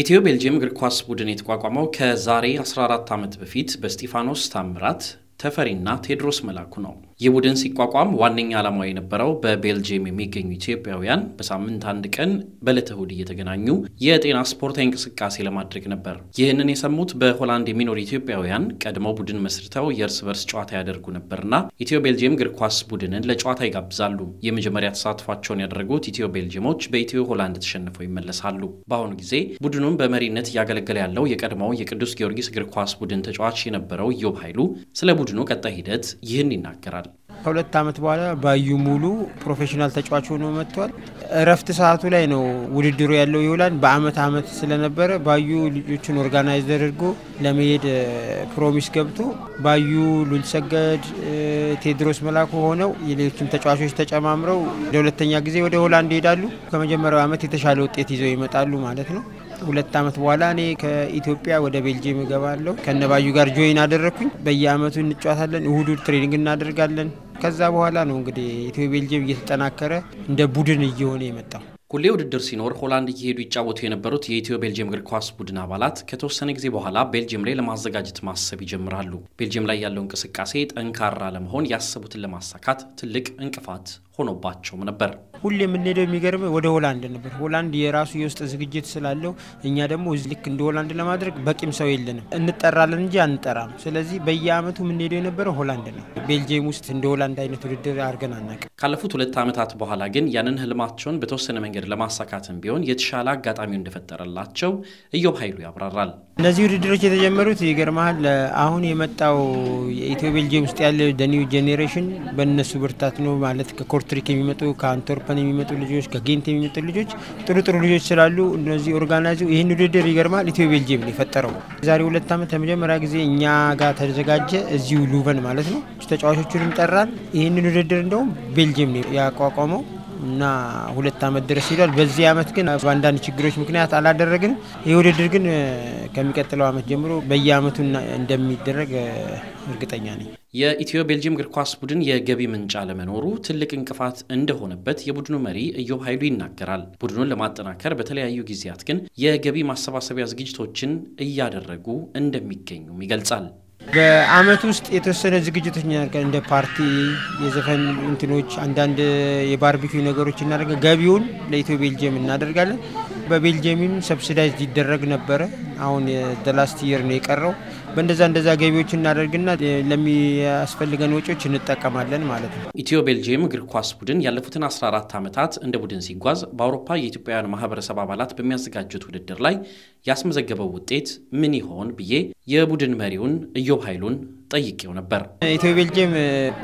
ኢትዮ ቤልጅየም እግር ኳስ ቡድን የተቋቋመው ከዛሬ 14 ዓመት በፊት በስጢፋኖስ ታምራት ተፈሪና ቴድሮስ መላኩ ነው። ይህ ቡድን ሲቋቋም ዋነኛ ዓላማው የነበረው በቤልጅየም የሚገኙ ኢትዮጵያውያን በሳምንት አንድ ቀን በዕለተ እሁድ እየተገናኙ የጤና ስፖርታዊ እንቅስቃሴ ለማድረግ ነበር። ይህንን የሰሙት በሆላንድ የሚኖሩ ኢትዮጵያውያን ቀድመው ቡድን መስርተው የእርስ በርስ ጨዋታ ያደርጉ ነበርና ኢትዮ ቤልጅየም እግር ኳስ ቡድንን ለጨዋታ ይጋብዛሉ። የመጀመሪያ ተሳትፏቸውን ያደረጉት ኢትዮ ቤልጅየሞች በኢትዮ ሆላንድ ተሸንፈው ይመለሳሉ። በአሁኑ ጊዜ ቡድኑን በመሪነት እያገለገለ ያለው የቀድሞው የቅዱስ ጊዮርጊስ እግር ኳስ ቡድን ተጫዋች የነበረው ዮብ ኃይሉ ስለ ቡድኑ ቀጣይ ሂደት ይህን ይናገራል። ከሁለት ዓመት በኋላ ባዩ ሙሉ ፕሮፌሽናል ተጫዋች ሆኖ መጥቷል። እረፍት ሰዓቱ ላይ ነው ውድድሩ ያለው ይውላል። በአመት አመት ስለነበረ ባዩ ልጆችን ኦርጋናይዝ ተደርጎ ለመሄድ ፕሮሚስ ገብቶ ባዩ፣ ሉልሰገድ፣ ቴድሮስ መላኩ ሆነው የሌሎችም ተጫዋቾች ተጨማምረው ለሁለተኛ ጊዜ ወደ ሆላንድ ይሄዳሉ። ከመጀመሪያው አመት የተሻለ ውጤት ይዘው ይመጣሉ ማለት ነው። ሁለት ዓመት በኋላ እኔ ከኢትዮጵያ ወደ ቤልጅየም እገባለሁ። ከነባዩ ጋር ጆይን አደረግኩኝ። በየአመቱ እንጫወታለን። እሁድ ትሬኒንግ እናደርጋለን። ከዛ በኋላ ነው እንግዲህ ኢትዮ ቤልጅየም እየተጠናከረ እንደ ቡድን እየሆነ የመጣው። ሁሌ ውድድር ሲኖር ሆላንድ እየሄዱ ይጫወቱ የነበሩት የኢትዮ ቤልጅየም እግር ኳስ ቡድን አባላት ከተወሰነ ጊዜ በኋላ ቤልጅየም ላይ ለማዘጋጀት ማሰብ ይጀምራሉ። ቤልጅየም ላይ ያለው እንቅስቃሴ ጠንካራ ለመሆን ያሰቡትን ለማሳካት ትልቅ እንቅፋት ሆኖባቸውም ነበር። ሁሌ የምንሄደው የሚገርም ወደ ሆላንድ ነበር። ሆላንድ የራሱ የውስጥ ዝግጅት ስላለው እኛ ደግሞ ልክ እንደ ሆላንድ ለማድረግ በቂም ሰው የለንም። እንጠራለን እንጂ አንጠራም። ስለዚህ በየአመቱ የምንሄደው የነበረው ሆላንድ ነው። ቤልጅየም ውስጥ እንደ ሆላንድ አይነት ውድድር አድርገን አናውቅም። ካለፉት ሁለት ዓመታት በኋላ ግን ያንን ህልማቸውን በተወሰነ መንገድ ለማሳካትም ቢሆን የተሻለ አጋጣሚው እንደፈጠረላቸው እዮብ ኃይሉ ያብራራል። እነዚህ ውድድሮች የተጀመሩት ይገርመሃል፣ አሁን የመጣው የኢትዮ ቤልጅየም ውስጥ ያለ ደኒው ጄኔሬሽን በእነሱ ብርታት ነው ማለት ከኮርትሪክ የሚመጡ ከአንቶርፐን የሚመጡ ልጆች ከጌንት የሚመጡ ልጆች ጥሩ ጥሩ ልጆች ስላሉ እነዚህ ኦርጋናይዙ ይህን ውድድር ይገርማል ኢትዮ ቤልጅየም ነው የፈጠረው። የዛሬ ሁለት ዓመት ለመጀመሪያ ጊዜ እኛ ጋር ተዘጋጀ፣ እዚሁ ሉቨን ማለት ነው። ተጫዋቾቹንም ጠራን። ይህንን ውድድር እንደውም ቤልጅየም ነው ያቋቋመው። እና ሁለት አመት ድረስ ይሏል። በዚህ አመት ግን በአንዳንድ ችግሮች ምክንያት አላደረግን። ይህ ውድድር ግን ከሚቀጥለው አመት ጀምሮ በየአመቱ እንደሚደረግ እርግጠኛ ነኝ። የኢትዮ ቤልጅየም እግር ኳስ ቡድን የገቢ ምንጭ አለመኖሩ ትልቅ እንቅፋት እንደሆነበት የቡድኑ መሪ እዮብ ኃይሉ ይናገራል። ቡድኑን ለማጠናከር በተለያዩ ጊዜያት ግን የገቢ ማሰባሰቢያ ዝግጅቶችን እያደረጉ እንደሚገኙም ይገልጻል። በአመት ውስጥ የተወሰነ ዝግጅቶች እንደ ፓርቲ፣ የዘፈን እንትኖች፣ አንዳንድ የባርቢኪ ነገሮች እናደርገ ገቢውን ለኢትዮ ቤልጅየም እናደርጋለን። በቤልጅየምም ሰብሲዳይዝ ሊደረግ ነበረ። አሁን ደላስት የር ነው የቀረው። በእንደዛ እንደዛ ገቢዎች እናደርግና ለሚያስፈልገን ወጪዎች እንጠቀማለን ማለት ነው። ኢትዮ ቤልጅየም እግር ኳስ ቡድን ያለፉትን 14 ዓመታት እንደ ቡድን ሲጓዝ በአውሮፓ የኢትዮጵያውያን ማህበረሰብ አባላት በሚያዘጋጁት ውድድር ላይ ያስመዘገበው ውጤት ምን ይሆን ብዬ የቡድን መሪውን ኢዮብ ኃይሉን ጠይቄው ነበር። ኢትዮ ቤልጅየም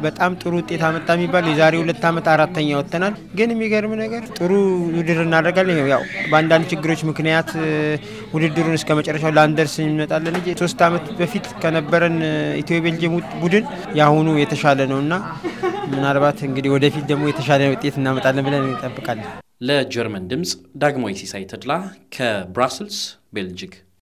በጣም ጥሩ ውጤት አመጣ የሚባል የዛሬ ሁለት ዓመት አራተኛ ወጥተናል። ግን የሚገርም ነገር ጥሩ ውድድር እናደርጋለን። ያው በአንዳንድ ችግሮች ምክንያት ውድድሩን እስከ መጨረሻው ላንደርስ እንመጣለን እ ሶስት ዓመት በፊት ከነበረን ኢትዮ ቤልጅየም ቡድን የአሁኑ የተሻለ ነው እና ምናልባት እንግዲህ ወደፊት ደግሞ የተሻለ ውጤት እናመጣለን ብለን እንጠብቃለን። ለጀርመን ድምፅ ዳግሞ ሲሳይ ተድላ ከብራስልስ ቤልጅግ